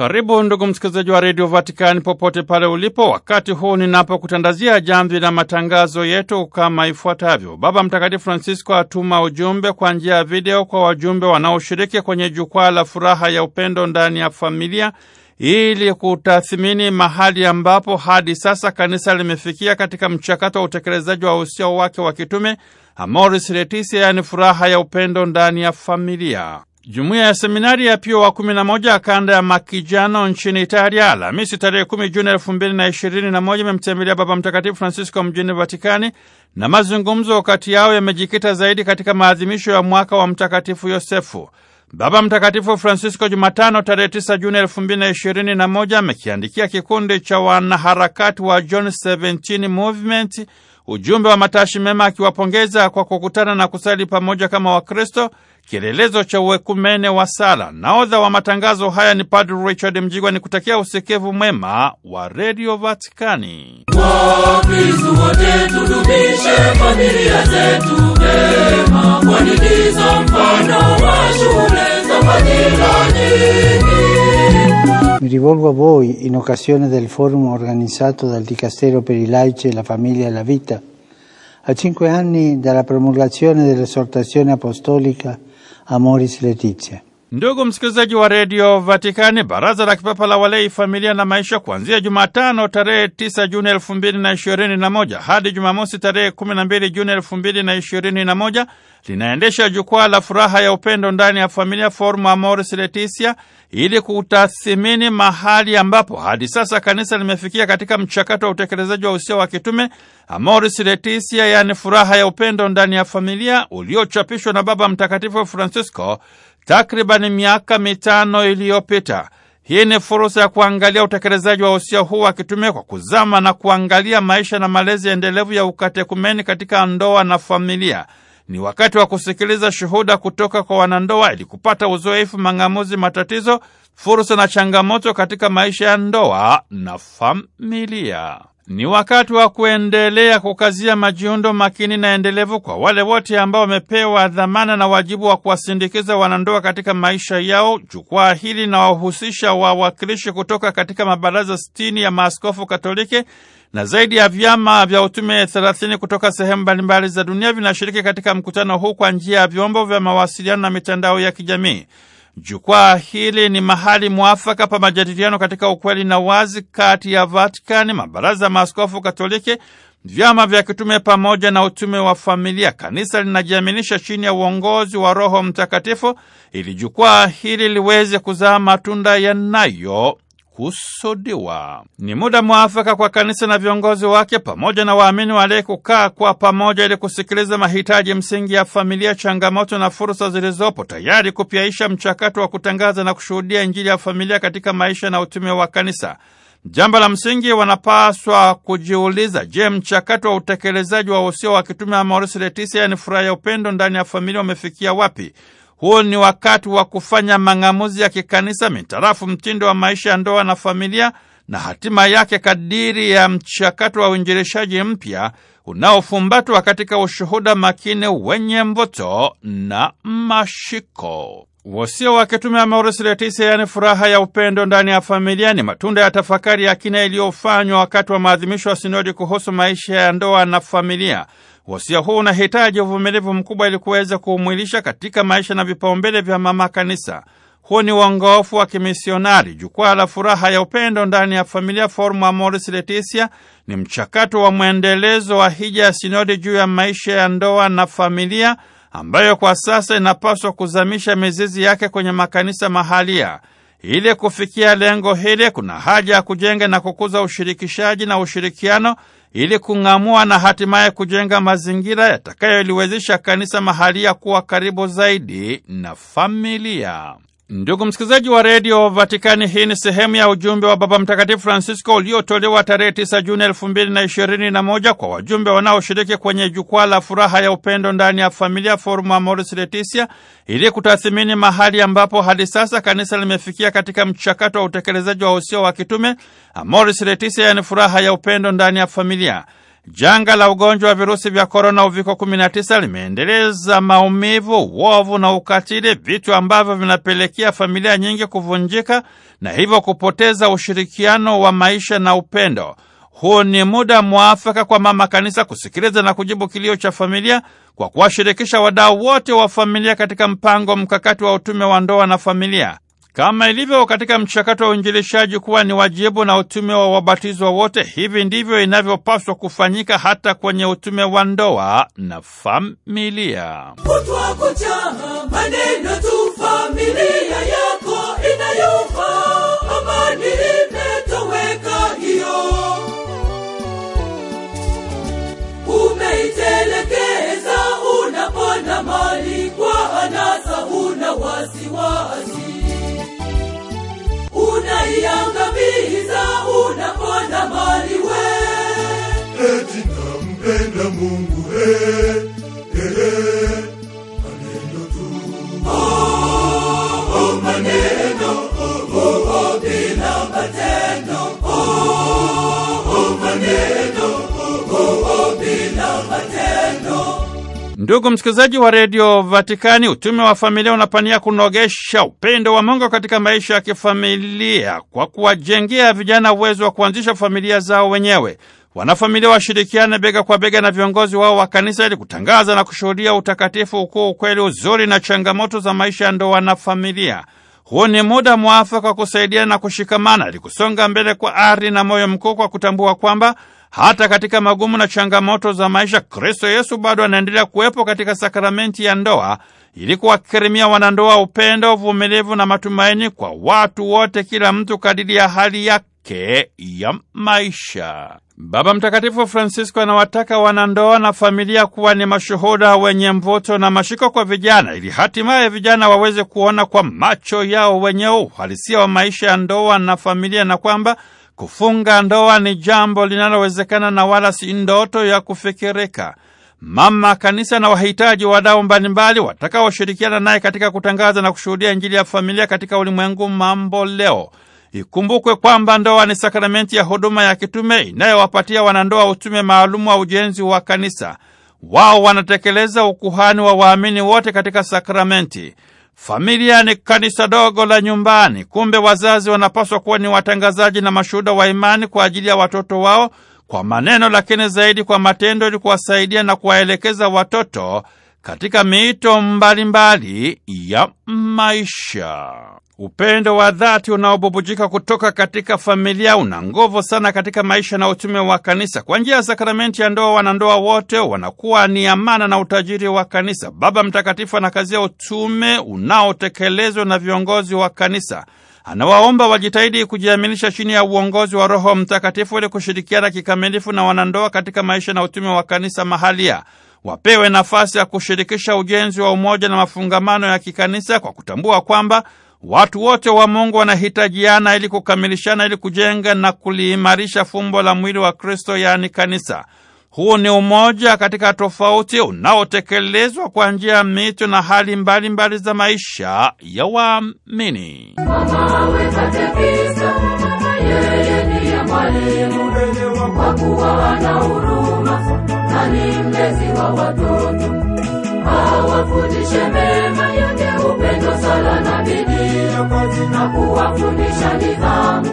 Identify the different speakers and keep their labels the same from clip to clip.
Speaker 1: Karibu ndugu msikilizaji wa redio Vatikani popote pale ulipo, wakati huu ninapokutandazia jamvi la matangazo yetu kama ifuatavyo. Baba Mtakatifu Francisco atuma ujumbe kwa njia ya video kwa wajumbe wanaoshiriki kwenye jukwaa la furaha ya upendo ndani ya familia ili kutathmini mahali ambapo hadi sasa kanisa limefikia katika mchakato wa utekelezaji wa usia wake wa kitume Amoris Laetitia, yaani furaha ya upendo ndani ya familia. Jumuiya ya seminari ya Pio wa kumi na moja kanda ya Makijano nchini Italia, Alhamisi tarehe kumi Juni elfu mbili na ishirini na moja imemtembelea Baba Mtakatifu Francisco mjini Vatikani, na mazungumzo kati yao yamejikita zaidi katika maadhimisho ya mwaka wa Mtakatifu Yosefu. Baba Mtakatifu Francisco Jumatano tarehe 9 Juni moja amekiandikia kikundi cha wanaharakati wa John 17 Movement ujumbe wa matashi mema akiwapongeza kwa kukutana na kusali pamoja kama Wakristo, kielelezo cha uwekumene wa sala. Naodha wa matangazo haya ni Padre Richard Mjigwa, ni kutakia usikivu mwema wa Redio Vatikani. Wakristu wote tudumishe familia zetu kwani ndizo mfano wa shule za nyingi. Mi rivolgo a voi in occasione del forum organizzato dal Dicastero per i laici la famiglia e la vita. A cinque anni dalla promulgazione dell'esortazione apostolica Amoris Letizia. Ndugu msikilizaji wa redio Vatikani, baraza la kipapa la walei, familia na maisha, kuanzia Jumatano tarehe 9 Juni 2021 hadi Jumamosi tarehe 12 Juni 2021 linaendesha jukwaa la furaha ya upendo ndani ya familia, Forum Amoris Laetitia, ili kutathimini mahali ambapo hadi sasa kanisa limefikia katika mchakato wa utekelezaji wa usia wa kitume Amoris Laetitia, yaani furaha ya upendo ndani ya familia, uliochapishwa na Baba Mtakatifu Francisco takribani miaka mitano iliyopita. Hii ni fursa ya kuangalia utekelezaji wa usia huu akitumia kwa kuzama na kuangalia maisha na malezi endelevu ya ukatekumeni katika ndoa na familia. Ni wakati wa kusikiliza shuhuda kutoka kwa wanandoa ili kupata uzoefu, mang'amuzi, matatizo, fursa na changamoto katika maisha ya ndoa na familia. Ni wakati wa kuendelea kukazia majiundo makini na endelevu kwa wale wote ambao wamepewa dhamana na wajibu wa kuwasindikiza wanandoa katika maisha yao. Jukwaa hili linawahusisha wawakilishi kutoka katika mabaraza sitini ya maaskofu Katoliki na zaidi ya vyama vya utume thelathini kutoka sehemu mbalimbali za dunia vinashiriki katika mkutano huu kwa njia ya vyombo vya mawasiliano na mitandao ya kijamii. Jukwaa hili ni mahali mwafaka pa majadiliano katika ukweli na wazi kati ya Vatikani, mabaraza ya maaskofu Katoliki, vyama vya kitume pamoja na utume wa familia. Kanisa linajiaminisha chini ya uongozi wa Roho Mtakatifu ili jukwaa hili liweze kuzaa matunda yanayo kukusudiwa. Ni muda mwafaka kwa kanisa na viongozi wake pamoja na waamini wale kukaa kwa pamoja ili kusikiliza mahitaji msingi ya familia, changamoto na fursa zilizopo, tayari kupyaisha mchakato wa kutangaza na kushuhudia Injili ya familia katika maisha na utume wa kanisa. Jambo la msingi wanapaswa kujiuliza, je, mchakato wa utekelezaji wa usio wa kitume Amoris Laetitia, yaani furaha ya upendo ndani ya familia, umefikia wapi? Huu ni wakati wa kufanya mang'amuzi ya kikanisa mitarafu mtindo wa maisha ya ndoa na familia na hatima yake kadiri ya mchakato wa uinjilishaji mpya unaofumbatwa katika ushuhuda makini wenye mvuto na mashiko. Wosia wa kitume Amoris Leticia, yaani furaha ya upendo ndani ya familia, ni matunda ya tafakari ya kina iliyofanywa wakati wa maadhimisho ya sinodi kuhusu maisha ya ndoa na familia wasia huu unahitaji uvumilivu mkubwa ili kuweza kuumwilisha katika maisha na vipaumbele vya mama kanisa. Huu ni uongofu wa kimisionari. Jukwaa la furaha ya upendo ndani ya familia, Forum Amoris Laetitia, ni mchakato wa mwendelezo wa hija ya sinodi juu ya maisha ya ndoa na familia, ambayo kwa sasa inapaswa kuzamisha mizizi yake kwenye makanisa mahalia. Ili kufikia lengo hili, kuna haja ya kujenga na kukuza ushirikishaji na ushirikiano ili kung'amua na hatimaye kujenga mazingira yatakayoliwezesha kanisa mahalia kuwa karibu zaidi na familia. Ndugu msikilizaji wa redio Vatikani, hii ni sehemu ya ujumbe wa Baba Mtakatifu Francisco uliotolewa tarehe 9 Juni elfu mbili na ishirini na moja kwa wajumbe wanaoshiriki kwenye jukwaa la furaha ya upendo ndani ya familia, Forum Amoris Laetitia, ili kutathimini mahali ambapo hadi sasa kanisa limefikia katika mchakato wa utekelezaji wa usio wa kitume Amoris Laetitia, yaani furaha ya upendo ndani ya familia. Janga la ugonjwa wa virusi vya korona uviko 19 limeendeleza maumivu, uovu na ukatili, vitu ambavyo vinapelekea familia nyingi kuvunjika na hivyo kupoteza ushirikiano wa maisha na upendo. Huu ni muda mwafaka kwa mama kanisa kusikiliza na kujibu kilio cha familia kwa kuwashirikisha wadau wote wa familia katika mpango mkakati wa utume wa ndoa na familia. Kama ilivyo katika mchakato wa uinjilishaji kuwa ni wajibu na utume wa wabatizwa wote, hivi ndivyo inavyopaswa kufanyika hata kwenye utume wa ndoa na familia.
Speaker 2: umeitelekeza. Unapona mali kwa anasa, una wasiwasi utaiangamiza unapona mali we, eti nampenda Mungu he eh.
Speaker 1: Ndugu msikilizaji wa redio Vatikani, utume wa familia unapania kunogesha upendo wa Mungu katika maisha ya kifamilia kwa kuwajengea vijana uwezo wa kuanzisha familia zao wenyewe. Wanafamilia washirikiane bega kwa bega na viongozi wao wa kanisa ili kutangaza na kushuhudia utakatifu, ukuu, ukweli, uzuri na changamoto za maisha ya ndoa na familia. ni muda mwafaka wa kusaidiana na kushikamana ili kusonga mbele kwa ari na moyo mkuu, kwa kutambua kwamba hata katika magumu na changamoto za maisha, Kristo Yesu bado anaendelea kuwepo katika sakramenti ya ndoa ili kuwakirimia wanandoa upendo, uvumilivu na matumaini kwa watu wote, kila mtu kadiri ya hali yake ya maisha. Baba Mtakatifu Francisco anawataka wanandoa na familia kuwa ni mashuhuda wenye mvuto na mashiko kwa vijana ili hatimaye vijana waweze kuona kwa macho yao wenyewe uhalisia wa maisha ya ndoa na familia na kwamba Kufunga ndoa ni jambo linalowezekana na wala si ndoto ya kufikirika. Mama Kanisa na wahitaji wadau mbalimbali watakaoshirikiana naye katika kutangaza na kushuhudia Injili ya familia katika ulimwengu mambo leo. Ikumbukwe kwamba ndoa ni sakramenti ya huduma ya kitume inayowapatia wanandoa utume maalumu wa ujenzi wa kanisa. Wao wanatekeleza ukuhani wa waamini wote katika sakramenti. Familia ni kanisa dogo la nyumbani. Kumbe wazazi wanapaswa kuwa ni watangazaji na mashuhuda wa imani kwa ajili ya watoto wao kwa maneno, lakini zaidi kwa matendo, ili kuwasaidia na kuwaelekeza watoto katika miito mbalimbali mbali ya maisha. Upendo wa dhati unaobubujika kutoka katika familia una nguvu sana katika maisha na utume wa kanisa. Kwa njia ya sakramenti ya ndoa, wanandoa wote wanakuwa ni amana na utajiri wa kanisa. Baba Mtakatifu anakazia utume unaotekelezwa na viongozi wa kanisa. Anawaomba wajitahidi kujiaminisha chini ya uongozi wa Roho Mtakatifu ili kushirikiana kikamilifu na wanandoa katika maisha na utume wa kanisa mahalia. Wapewe nafasi ya kushirikisha ujenzi wa umoja na mafungamano ya kikanisa kwa kutambua kwamba Watu wote wa Mungu wanahitajiana ili kukamilishana, ili kujenga na kuliimarisha fumbo la mwili wa Kristo, yaani kanisa. Huu ni umoja katika tofauti unaotekelezwa kwa njia ya mito na hali mbalimbali mbali za maisha ya waamini.
Speaker 2: Awafundishe mema yake, upendo, sala na bidii viongozi na kuwafundisha nidhamu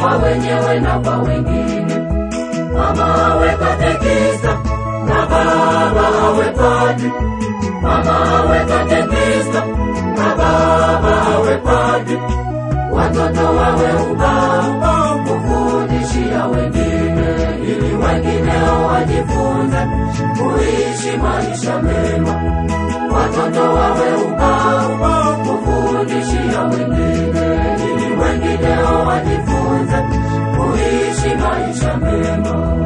Speaker 2: kwa wenyewe na kwa wengine. Mama awe katekista na baba awe padri. Mama awe katekista na baba awe padri. Watoto wawe ubaba kufundishia wengine ili wengineo wajifunze kuishi maisha mema. Watoto wawe ubaba kufundishia wengine ili wajifunze kuishi maisha mema.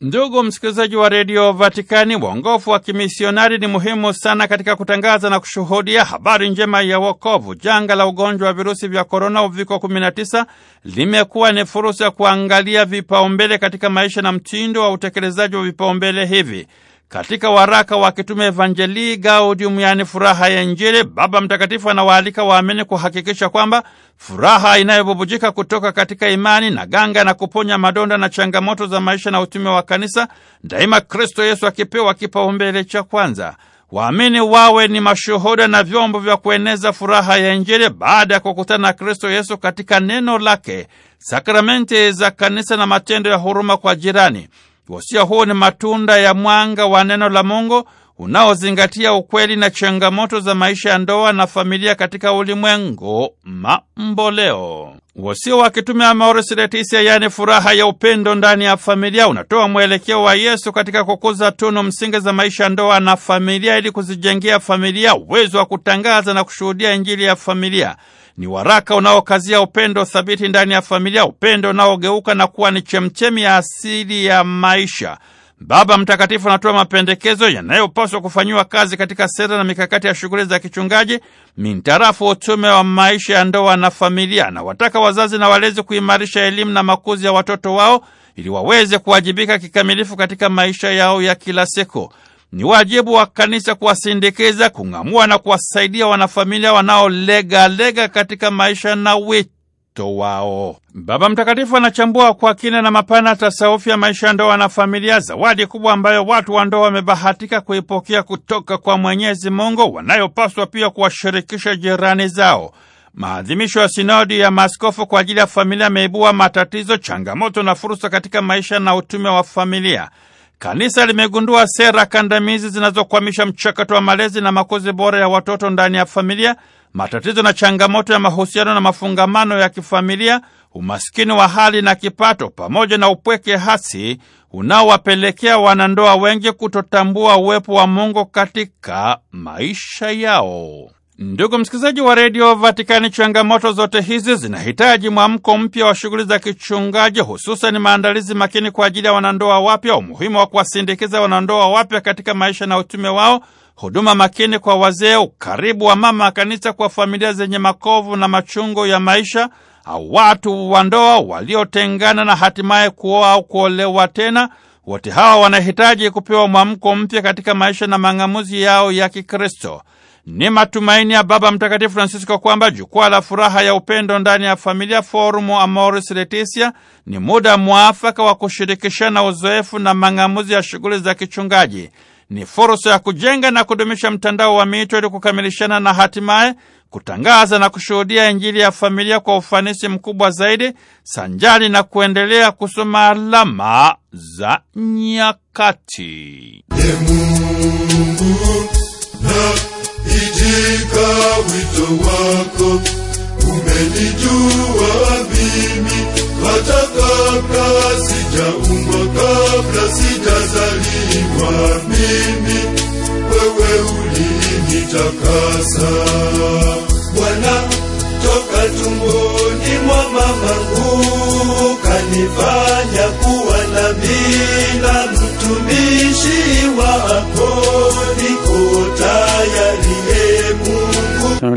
Speaker 1: Ndugu msikilizaji wa redio Vatikani, uongofu wa kimisionari ni muhimu sana katika kutangaza na kushuhudia habari njema ya wokovu. Janga la ugonjwa wa virusi vya korona, uviko 19, limekuwa ni fursa ya kuangalia vipaumbele katika maisha na mtindo wa utekelezaji wa vipaumbele hivi. Katika waraka wa kitume Evangelii Gaudium, yaani furaha ya Injili, Baba Mtakatifu anawaalika waamini kuhakikisha kwamba furaha inayobubujika kutoka katika imani na ganga na kuponya madonda na changamoto za maisha na utume wa kanisa, daima Kristo Yesu akipewa kipaumbele cha kwanza. Waamini wawe ni mashuhuda na vyombo vya kueneza furaha ya Injili baada ya kukutana na Kristo Yesu katika neno lake, sakramenti za kanisa na matendo ya huruma kwa jirani. Wosia huu ni matunda ya mwanga wa neno la Mungu unaozingatia ukweli na changamoto za maisha ya ndoa na familia katika ulimwengu mamboleo. Wosia wa kitume Amoris Laetitia, yaani furaha ya upendo ndani ya familia, unatoa mwelekeo wa Yesu katika kukuza tunu msingi za maisha ya ndoa na familia, ili kuzijengea familia uwezo wa kutangaza na kushuhudia Injili ya familia. Ni waraka unaokazia upendo thabiti ndani ya familia, upendo unaogeuka na kuwa ni chemchemi ya asili ya maisha. Baba Mtakatifu anatoa mapendekezo yanayopaswa kufanyiwa kazi katika sera na mikakati ya shughuli za kichungaji mintarafu utume wa maisha ya ndoa na familia. Anawataka wazazi na walezi kuimarisha elimu na makuzi ya watoto wao ili waweze kuwajibika kikamilifu katika maisha yao ya kila siku. Ni wajibu wa kanisa kuwasindikiza, kung'amua na kuwasaidia wanafamilia wanaolegalega katika maisha na wito wao. Baba Mtakatifu anachambua kwa kina na mapana tasawufi ya maisha ya ndoa na familia, zawadi kubwa ambayo watu wa ndoa wamebahatika kuipokea kutoka kwa Mwenyezi Mungu, wanayopaswa pia kuwashirikisha jirani zao. Maadhimisho ya sinodi ya maaskofu kwa ajili ya familia yameibua matatizo, changamoto na fursa katika maisha na utume wa familia. Kanisa limegundua sera kandamizi zinazokwamisha mchakato wa malezi na makuzi bora ya watoto ndani ya familia, matatizo na changamoto ya mahusiano na mafungamano ya kifamilia, umaskini wa hali na kipato, pamoja na upweke hasi unaowapelekea wanandoa wengi kutotambua uwepo wa Mungu katika maisha yao. Ndugu msikilizaji wa redio Vatikani, changamoto zote hizi zinahitaji mwamko mpya wa shughuli za kichungaji, hususan maandalizi makini kwa ajili ya wanandoa wapya, umuhimu wa kuwasindikiza wanandoa wapya katika maisha na utume wao, huduma makini kwa wazee, ukaribu wa mama kanisa kwa familia zenye makovu na machungo ya maisha au watu wa ndoa waliotengana na hatimaye kuoa au kuolewa tena. Wote hawa wanahitaji kupewa mwamko mpya katika maisha na mang'amuzi yao ya Kikristo. Ni matumaini ya Baba Mtakatifu Francisco kwamba jukwaa la furaha ya upendo ndani ya familia, Forum Amoris Laetitia, ni muda mwafaka wa kushirikishana uzoefu na mang'amuzi ya shughuli za kichungaji. Ni fursa ya kujenga na kudumisha mtandao wa mito ili kukamilishana na hatimaye kutangaza na kushuhudia Injili ya familia kwa ufanisi mkubwa zaidi, sanjari na kuendelea kusoma alama za nyakati. Ye Mungu
Speaker 2: na Nimeshika wito wako, umenijua mimi hata kabla sijaumbwa, kabla sijazaliwa mimi, wewe ulinitakasa.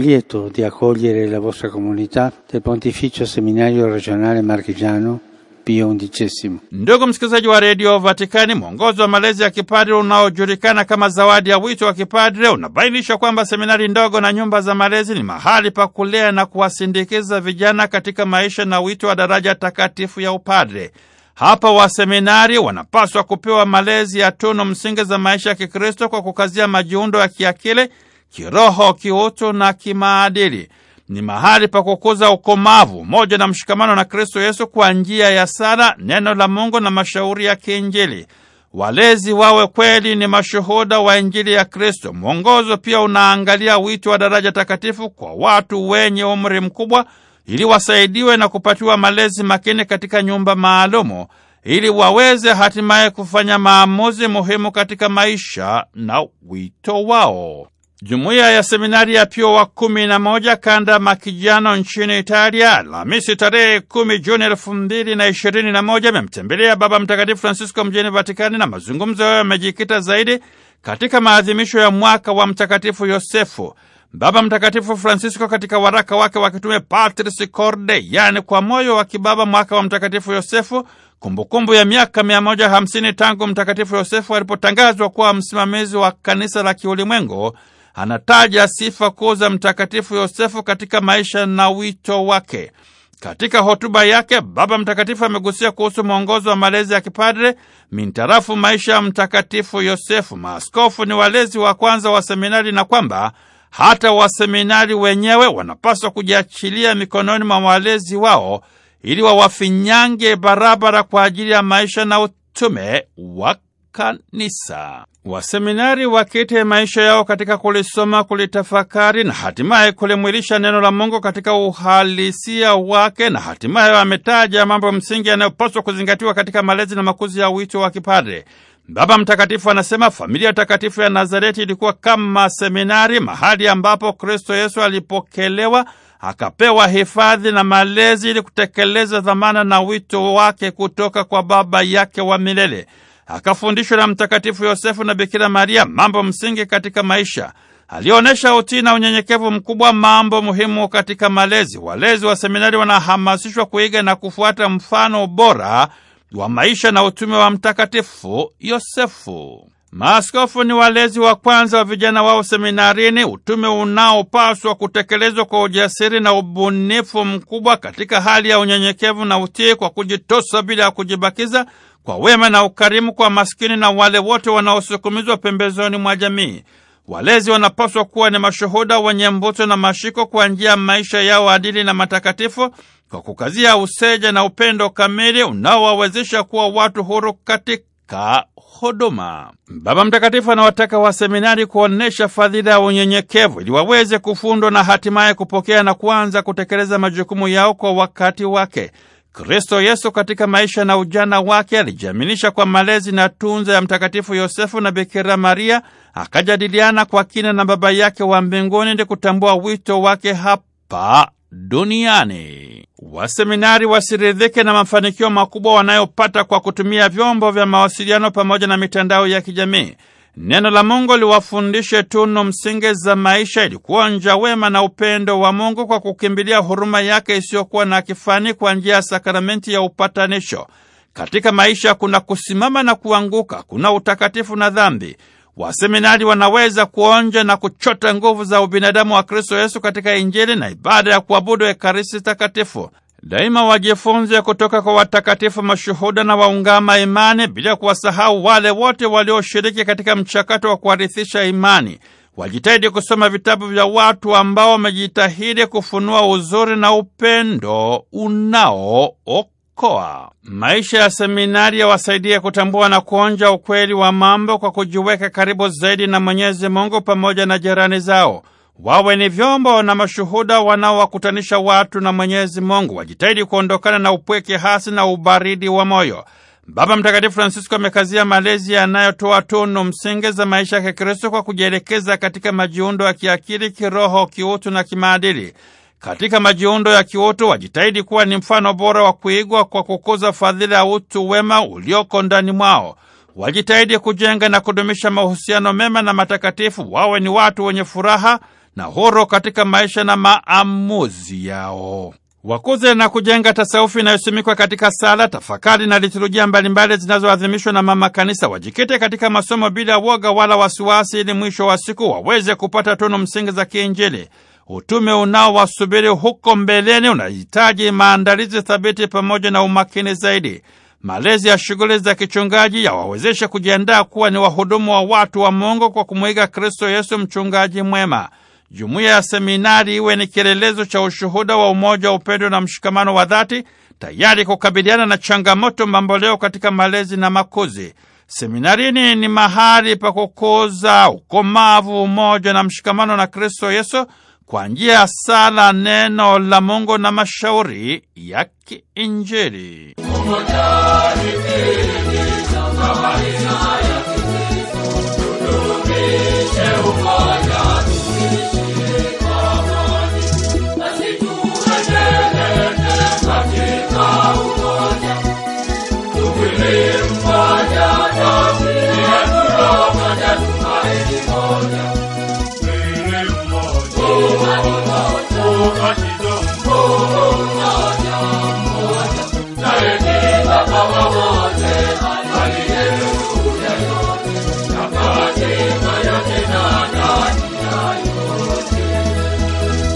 Speaker 1: lieto di accogliere la vostra comunità del Pontificio Seminario Regionale Marchigiano Pio XI. Ndugu msikilizaji wa redio Vatikani, mwongozo wa malezi ya kipadre unaojulikana kama zawadi ya wito wa kipadre unabainisha kwamba seminari ndogo na nyumba za malezi ni mahali pa kulea na kuwasindikiza vijana katika maisha na wito wa daraja takatifu ya upadre. Hapa waseminari wanapaswa kupewa malezi ya tunu msingi za maisha ya Kikristo kwa kukazia majiundo ya kiakili kiroho, kiutu na kimaadili. Ni mahali pa kukuza ukomavu, umoja na mshikamano na Kristo Yesu kwa njia ya sala, neno la Mungu na mashauri ya kiinjili. Walezi wawe kweli ni mashuhuda wa Injili ya Kristo. Mwongozo pia unaangalia wito wa daraja takatifu kwa watu wenye umri mkubwa ili wasaidiwe na kupatiwa malezi makini katika nyumba maalumu ili waweze hatimaye kufanya maamuzi muhimu katika maisha na wito wao. Jumuiya ya Seminari ya Pio wa kumi na moja kanda Makijano nchini Italia Alhamisi tarehe kumi Juni elfu mbili na ishirini na moja imemtembelea Baba Mtakatifu Francisco mjini Vatikani na mazungumzo hayo yamejikita zaidi katika maadhimisho ya mwaka wa Mtakatifu Yosefu. Baba Mtakatifu Francisco katika waraka wake wa kitume Patris Corde, yaani kwa moyo wa kibaba, mwaka wa Mtakatifu Yosefu, kumbukumbu kumbu ya miaka 150 tangu Mtakatifu Yosefu alipotangazwa kuwa msimamizi wa kanisa la kiulimwengu anataja sifa kuu za Mtakatifu Yosefu katika maisha na wito wake. Katika hotuba yake, Baba Mtakatifu amegusia kuhusu mwongozo wa malezi ya kipadre mintarafu maisha ya Mtakatifu Yosefu. Maaskofu ni walezi wa kwanza wa seminari na kwamba hata waseminari wenyewe wanapaswa kujiachilia mikononi mwa walezi wao ili wawafinyange barabara kwa ajili ya maisha na utume wa kanisa. Waseminari wakite maisha yao katika kulisoma, kulitafakari na hatimaye kulimwilisha neno la Mungu katika uhalisia wake, na hatimaye wametaja mambo msingi yanayopaswa kuzingatiwa katika malezi na makuzi ya wito wa kipadre. Baba Mtakatifu anasema familia takatifu ya Nazareti ilikuwa kama seminari, mahali ambapo Kristo Yesu alipokelewa akapewa hifadhi na malezi ili kutekeleza dhamana na wito wake kutoka kwa Baba yake wa milele akafundishwa na Mtakatifu Yosefu na Bikira Maria mambo msingi katika maisha. Alionyesha utii na unyenyekevu mkubwa, mambo muhimu katika malezi. Walezi wa seminari wanahamasishwa kuiga na kufuata mfano bora wa maisha na utume wa Mtakatifu Yosefu. Maaskofu ni walezi wa kwanza wa vijana wao seminarini, utume unaopaswa kutekelezwa kwa ujasiri na ubunifu mkubwa katika hali ya unyenyekevu na utii, kwa kujitosa bila ya kujibakiza kwa wema na ukarimu kwa maskini na wale wote wanaosukumizwa pembezoni mwa jamii. Walezi wanapaswa kuwa ni mashuhuda wenye mbuto na mashiko kwa njia ya maisha yao adili na matakatifu, kwa kukazia useja na upendo kamili unaowawezesha kuwa watu huru katika huduma. Baba Mtakatifu anawataka waseminari kuonyesha fadhila ya unyenyekevu ili waweze kufundwa na hatimaye kupokea na kuanza kutekeleza majukumu yao kwa wakati wake. Kristo Yesu katika maisha na ujana wake alijiaminisha kwa malezi na tunza ya Mtakatifu Yosefu na Bikira Maria, akajadiliana kwa kina na Baba yake wa mbinguni ndi kutambua wito wake hapa duniani. Waseminari wasiridhike na mafanikio makubwa wanayopata kwa kutumia vyombo vya mawasiliano pamoja na mitandao ya kijamii. Neno la Mungu liwafundishe tunu msingi za maisha ili kuonja wema na upendo wa Mungu kwa kukimbilia huruma yake isiyokuwa na kifani kwa njia ya sakramenti ya upatanisho. Katika maisha kuna kusimama na kuanguka, kuna utakatifu na dhambi. Waseminari wanaweza kuonja na kuchota nguvu za ubinadamu wa Kristo Yesu katika Injili na ibada ya kuabudu Ekaristi Takatifu. Daima wajifunze kutoka kwa watakatifu mashuhuda na waungama imani, bila kuwasahau wale wote walioshiriki katika mchakato wa kuharithisha imani. Wajitahidi kusoma vitabu vya watu ambao wamejitahidi kufunua uzuri na upendo unaookoa. Maisha ya seminari yawasaidie kutambua na kuonja ukweli wa mambo kwa kujiweka karibu zaidi na Mwenyezi Mungu pamoja na jirani zao wawe ni vyombo na mashuhuda wanaowakutanisha watu na Mwenyezi Mungu. Wajitahidi kuondokana na upweke hasi na ubaridi wa moyo. Baba Mtakatifu Francisco amekazia malezi yanayotoa tunu msingi za maisha ya Kikristo kwa kujielekeza katika majiundo ya kiakili, kiroho, kiutu na kimaadili. Katika majiundo ya kiutu, wajitahidi kuwa ni mfano bora wa kuigwa kwa kukuza fadhila ya utu wema ulioko ndani mwao. Wajitahidi kujenga na kudumisha mahusiano mema na matakatifu. Wawe ni watu wenye furaha na huru katika maisha na maamuzi yao. Wakuze na kujenga tasaufi inayosimikwa katika sala, tafakari na liturujia mbalimbali zinazoadhimishwa na mama kanisa. Wajikite katika masomo bila woga wala wasiwasi, ili mwisho wa siku waweze kupata tunu msingi za kiinjili. Utume unaowasubiri huko mbeleni unahitaji maandalizi thabiti pamoja na umakini zaidi. Malezi ya shughuli za kichungaji yawawezeshe kujiandaa kuwa ni wahudumu wa watu wa Mungu kwa kumwiga Kristo Yesu mchungaji mwema. Jumuiya ya seminari iwe ni kielelezo cha ushuhuda wa umoja wa upendo na mshikamano wa dhati, tayari kukabiliana na changamoto mamboleo katika malezi na makuzi. Seminarini ni mahali pa kukuza ukomavu, umoja na mshikamano na Kristo Yesu kwa njia ya sala, neno la Mungu na mashauri ya kiinjili.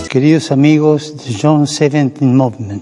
Speaker 1: Queridos amigos de John Seventeen Movement,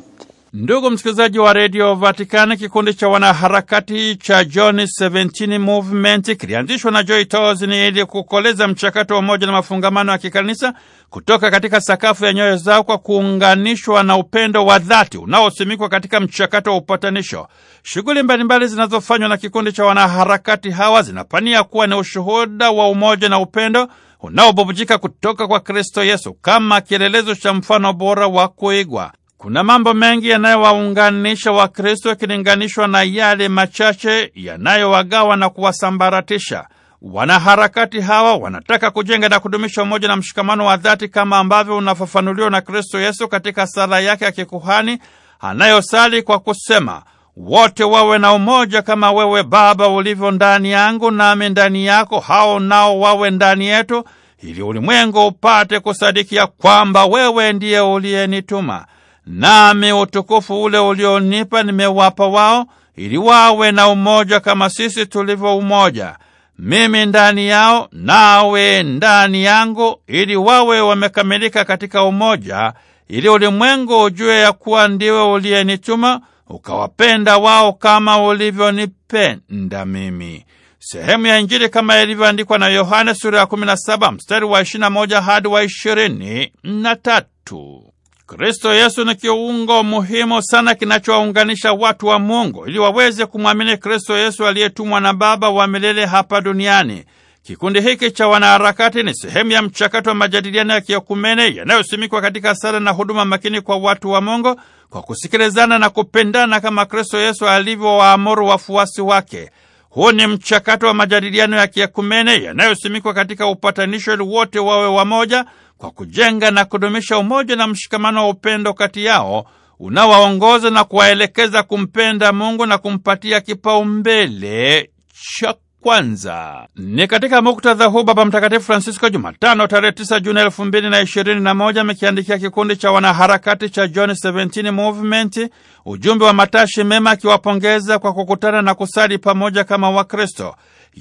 Speaker 1: Ndugu msikilizaji wa redio Vatikani, kikundi cha wanaharakati cha John 17 Movement kilianzishwa na Joy Tozin ili kukoleza mchakato wa umoja na mafungamano ya kikanisa kutoka katika sakafu ya nyoyo zao kwa kuunganishwa na upendo wa dhati unaosimikwa katika mchakato wa upatanisho. Shughuli mbalimbali zinazofanywa na kikundi cha wanaharakati hawa zinapania kuwa ni ushuhuda wa umoja na upendo unaobubujika kutoka kwa Kristo Yesu kama kielelezo cha mfano bora wa kuigwa. Kuna mambo mengi yanayowaunganisha Wakristo yakilinganishwa na yale machache yanayowagawa na kuwasambaratisha. Wanaharakati hawa wanataka kujenga na kudumisha umoja na mshikamano wa dhati kama ambavyo unafafanuliwa na Kristo Yesu katika sala yake ya kikuhani anayosali kwa kusema, wote wawe na umoja kama wewe Baba ulivyo ndani yangu nami ndani yako, hao nao wawe ndani yetu, ili ulimwengu upate kusadikia kwamba wewe ndiye uliyenituma nami utukufu ule ulionipa nimewapa wao, ili wawe na umoja kama sisi tulivyo umoja, mimi ndani yao, nawe ndani yangu, ili wawe wamekamilika katika umoja, ili ulimwengu ujue ya kuwa ndiwe uliyenituma ukawapenda wao kama ulivyonipenda mimi. Sehemu ya Injili kama ilivyoandikwa na Yohane sura ya 17 mstari wa 21 hadi wa 23. Kristo Yesu ni kiungo muhimu sana kinachowaunganisha watu wa Mungu ili waweze kumwamini Kristo Yesu aliyetumwa na Baba wa milele hapa duniani. Kikundi hiki cha wanaharakati ni sehemu ya mchakato wa majadiliano ya kiekumene yanayosimikwa katika sala na huduma makini kwa watu wa Mungu kwa kusikilizana na kupendana kama Kristo Yesu alivyowaamuru wafuasi wake. Huu ni mchakato wa majadiliano ya kiekumene yanayosimikwa katika upatanisho, ili wote wawe wamoja kwa kujenga na kudumisha umoja na mshikamano wa upendo kati yao unawaongoza na kuwaelekeza kumpenda Mungu na kumpatia kipaumbele cha kwanza ni katika muktadha huu Baba Mtakatifu Francisco Jumatano tarehe 9 Juni elfu mbili na ishirini na moja amekiandikia kikundi cha wanaharakati cha John 17 Movement ujumbe wa matashi mema, akiwapongeza kwa kukutana na kusali pamoja kama Wakristo.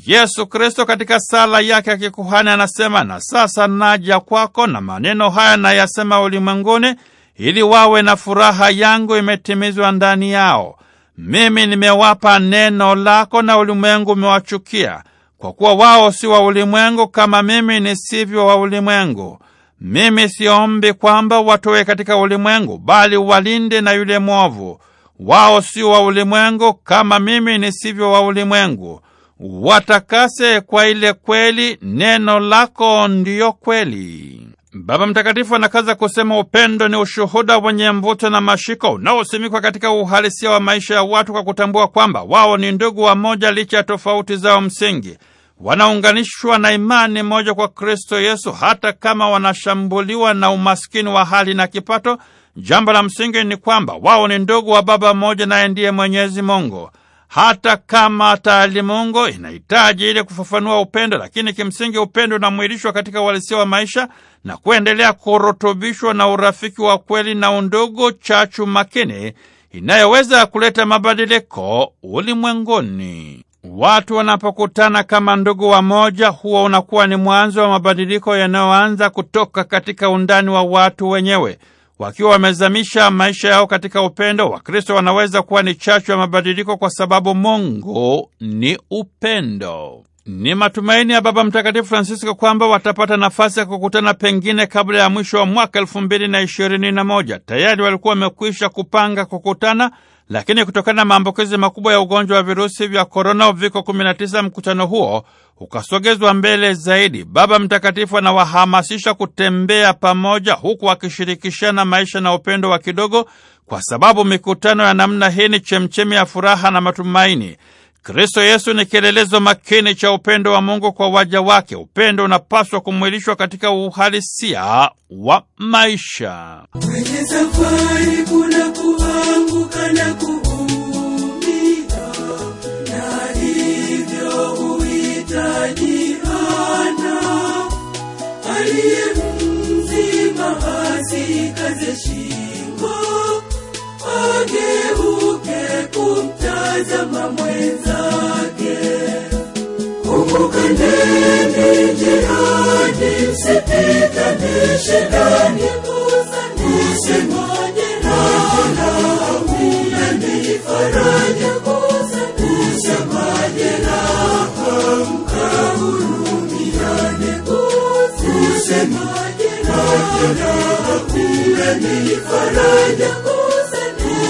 Speaker 1: Yesu Kristo katika sala yake ya kikuhani anasema, na sasa naja kwako, na maneno haya nayasema ulimwenguni, ili wawe na furaha yangu imetimizwa ndani yao. Mimi nimewapa neno lako na ulimwengu umewachukia, kwa kuwa wao si wa ulimwengu kama mimi nisivyo wa ulimwengu. Mimi siombi kwamba watowe katika ulimwengu, bali walinde na yule mwovu. Wao si wa ulimwengu kama mimi nisivyo wa ulimwengu. Watakase kwa ile kweli, neno lako ndiyo kweli. Baba Mtakatifu anakaza kusema upendo ni ushuhuda wenye mvuto na mashiko unaosimikwa katika uhalisia wa maisha ya watu kwa kutambua kwamba wao ni ndugu wa moja licha ya tofauti zao msingi. Wanaunganishwa na imani moja kwa Kristo Yesu hata kama wanashambuliwa na umaskini wa hali na kipato. Jambo la msingi ni kwamba wao ni ndugu wa Baba mmoja naye ndiye Mwenyezi Mungu hata kama taalimungu inahitaji ili kufafanua upendo, lakini kimsingi upendo unamwilishwa katika uhalisia wa maisha na kuendelea kurutubishwa na urafiki wa kweli na undugu, chachu makini inayoweza kuleta mabadiliko ulimwenguni. Watu wanapokutana kama ndugu wamoja, huo unakuwa ni mwanzo wa mabadiliko yanayoanza kutoka katika undani wa watu wenyewe wakiwa wamezamisha maisha yao katika upendo, Wakristo wanaweza kuwa ni chachu ya mabadiliko, kwa sababu Mungu ni upendo. Ni matumaini ya Baba Mtakatifu Francisco kwamba watapata nafasi ya kukutana pengine kabla ya mwisho wa mwaka elfu mbili na ishirini na moja. Tayari walikuwa wamekwisha kupanga kukutana lakini kutokana na maambukizi makubwa ya ugonjwa wa virusi vya korona uviko 19, mkutano huo ukasogezwa mbele zaidi. Baba Mtakatifu anawahamasisha kutembea pamoja, huku akishirikishana maisha na upendo wa kidogo, kwa sababu mikutano ya namna hii ni chemchemi ya furaha na matumaini. Kristo Yesu ni kielelezo makini cha upendo wa Mungu kwa waja wake. Upendo unapaswa kumwilishwa katika uhalisia wa maisha.
Speaker 2: shetani usemaje Raha unanifariji usemaje Raha mkahurumiane usemaje Raha unanifariji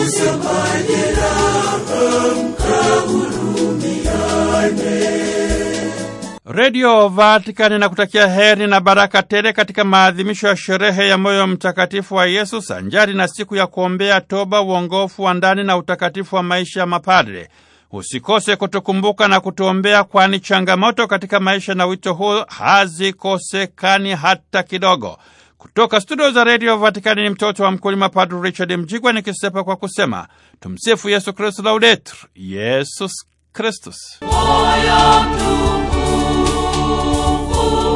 Speaker 2: usemaje Raha
Speaker 1: mkahurumiane Redio Vatikani na kutakia heri na baraka tele katika maadhimisho ya sherehe ya moyo mtakatifu wa Yesu sanjari na siku ya kuombea toba, uongofu wa ndani na utakatifu wa maisha ya mapadre. Usikose kutukumbuka na kutuombea, kwani changamoto katika maisha na wito huu hazikosekani hata kidogo. Kutoka studio za redio Vatikani ni mtoto wa mkulima Padre Richard Mjigwa nikisepa kwa kusema tumsifu Yesu Kristu, laudetur Yesus Kristus.